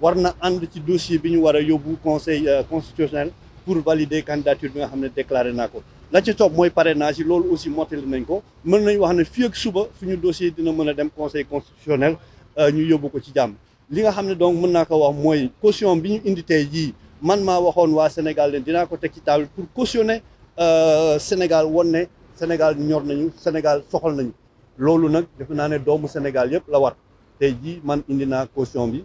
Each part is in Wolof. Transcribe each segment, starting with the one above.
warna and ci dossier biñu wara yobbu conseil euh, constitutionnel pour valider candidature bi nga xam déclaré naa la ci top moy parrainage lool aussi mottali nañ ko meun nañ wax né fi ak suba suñu dossier dina mëna dem conseil constitutionnel euh, ñu yobbu ko ci jamm li nga xamné donc meun naa wax moy caution biñu indi tay ji man ma waxone wa Sénégal ne dinaa ko tek ci table pour cautionner euh, Sénégal wonné Sénégal ñor nañu Sénégal soxal nañu loolu nak def na né doomu Sénégal yépp la war tay ji man indi na caution bi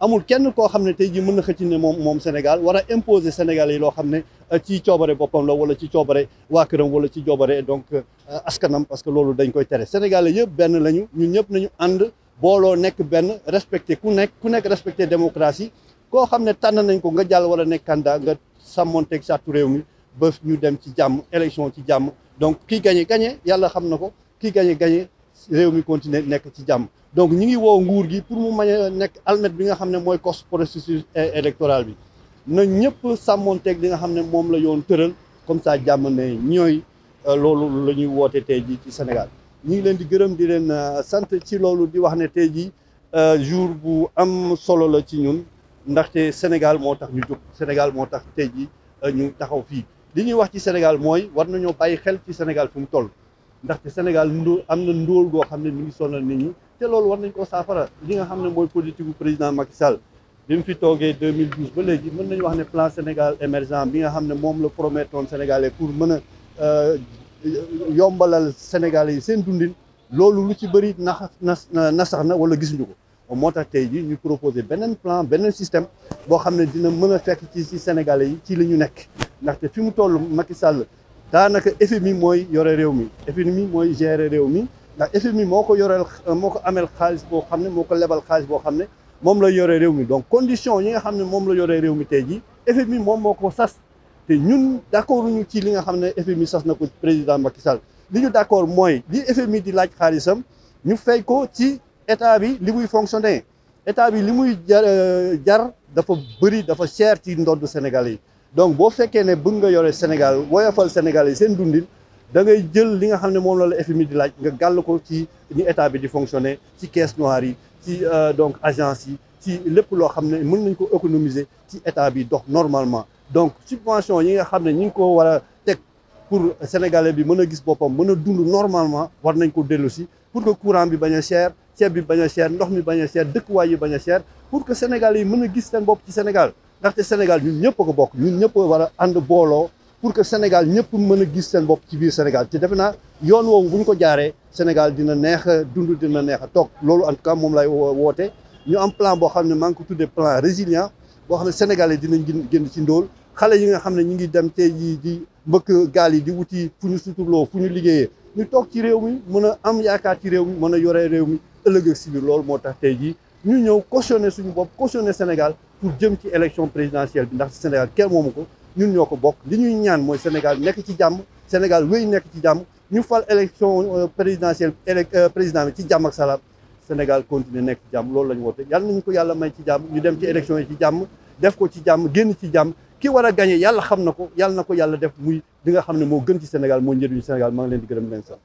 amul kenn koo xam ne tey jii mën na xëcc ne moom moom Sénégal war a imposer Sénégal yi loo xam ne euh, ci coobare boppam la wala ci coobare waa këram wala ci coobare donc euh, askanam parce que loolu dañ koy tere Sénégal yëpp benn lañu ñun ñëpp nañu ànd booloo nekk benn respecté ku nekk ku nekk respecté démocratie koo xam ne tànn nañ ko nga jàll wala nekk candidat nga sàmmonteeg sàttu réew mi ba ñu dem ci jàmm élection ci jàmm donc kii gagné gagné yàlla xam na ko kii gagné gagné réew mi continuer nekk ci jàmm donc ñi ngi woo nguur gi pour mu mañ a nekk almet bi nga xam ne mooy cos processus électoral bi na sàmmoon sàmmoonteeg li nga xam ne moom la yoon tëral comme sa jàmm ne ñooy euh, loolu la ñuy woote tey jii ci Sénégal ñu ngi leen di gërëm di leen euh, sant ci loolu di wax ne tey jii euh, jour bu am solo la ci ñun ndaxte Sénégal moo tax ñu jóg Sénégal moo tax tey jii ñu taxaw fii li ñuy wax ci Sénégal mooy war nañoo bàyyi xel ci Sénégal fu mu toll ndaxte Sénégal ndóol am na ndóol goo xam ne mi ngi sonal nit ñi te loolu war nañ ko saafara li nga xam ne mooy politique bu président Macky Sall bi mu fi toogee 2012 ba léegi mën nañu wax ne plan Sénégal émergent bi nga xam ne moom la promettoon Sénégalais pour mën a euh, yombalal Sénégalais yi seen dundin loolu lu ci bëri nax na nasax na wala gisuñu ko moo tax tey jii ñu proposé beneen plan beneen système boo xam ne dina mën a fekk ci ci Sénégalais yi ci la ñu nekk ndaxte fi mu toll Macky Sall daanaka FMI mooy yore réew mi FMI mooy gérer réew mi ndax FMI moo ko yoreel moo ko ameel xaalis boo xam ne moo ko lebal xaalis boo xam ne moom la yore réew mi donc condition yi nga xam ne moom la yore réew mi tey jii FMI moom moo ko sas te ñun d'accord ñu ci li nga xam ne FMI sas na ko président Macky Sall li ñu d'accord mooy li FMI di laaj xaalisam ñu fay ko ci état bi li muy fonctionner état bi li muy jar euh, jar dafa bëri dafa cher ci ndodd Sénégalais yi donc bo fekkee ne bëgg Sénégal woyofal Sénégalais sen dundil da ngay jël li nga xamné la FMI di laaj nga gal ko ci fonctionner ci caisse noire yi euh, donc agence yi ci ko économiser normalement donc subvention yi nga ko pour sénégalais bi gis normalement pour que courant bi cher ceeb bi cher ndox mi yi cher pour que sénégalais yi mëna gis Sénégal ndaxte Sénégal ñun ñëpp ko bokk ñun ñëpp war a ànd booloo pour que Sénégal ñëpp mën gis seen bopp ci biir Sénégal te defe naa yoon woowu bu ñu ko jaaree Sénégal dina neex a dund dina neex a toog loolu en tout moom lay woote ñu am plan boo xam ne maa ngi ko tuddee plan résilient boo xam ne Sénégalais dinañ génn ci ndóol xale yi nga xam ne ñu ngi dem tey jii di mbëkk gaal yi di wuti fu ñu suturloo fu ñu liggéeyee ñu toog ci réew mi mën a am yaakaar ci réew mi mën a yore réew mi ëllëg si loolu moo tax tey jii ñu ñëw cautionné suñu bopp cautionné Sénégal pour jëm ci élection présidentielle bi ndax Sénégal kenn moomu ko ñun ñoo ko bokk li ñuy ñaan mooy Sénégal nekk ci jàmm Sénégal wéy nekk ci jàmm ñu fal élection euh, présidentielle euh, président ci jàmm ak salaam Sénégal continuer nekk ci jàmm loolu la ñu woote yàlla nañu ko yàlla may ci jàmm ñu dem ci élection yi ci jàmm def ko ci jàmm génn ci jàmm ki war a gagné yàlla xam na ko yàlla na ko yàlla def muy li nga xam ne moo gën ci Sénégal moo njëriñu Sénégal maa ngi leen di gërëm leen sax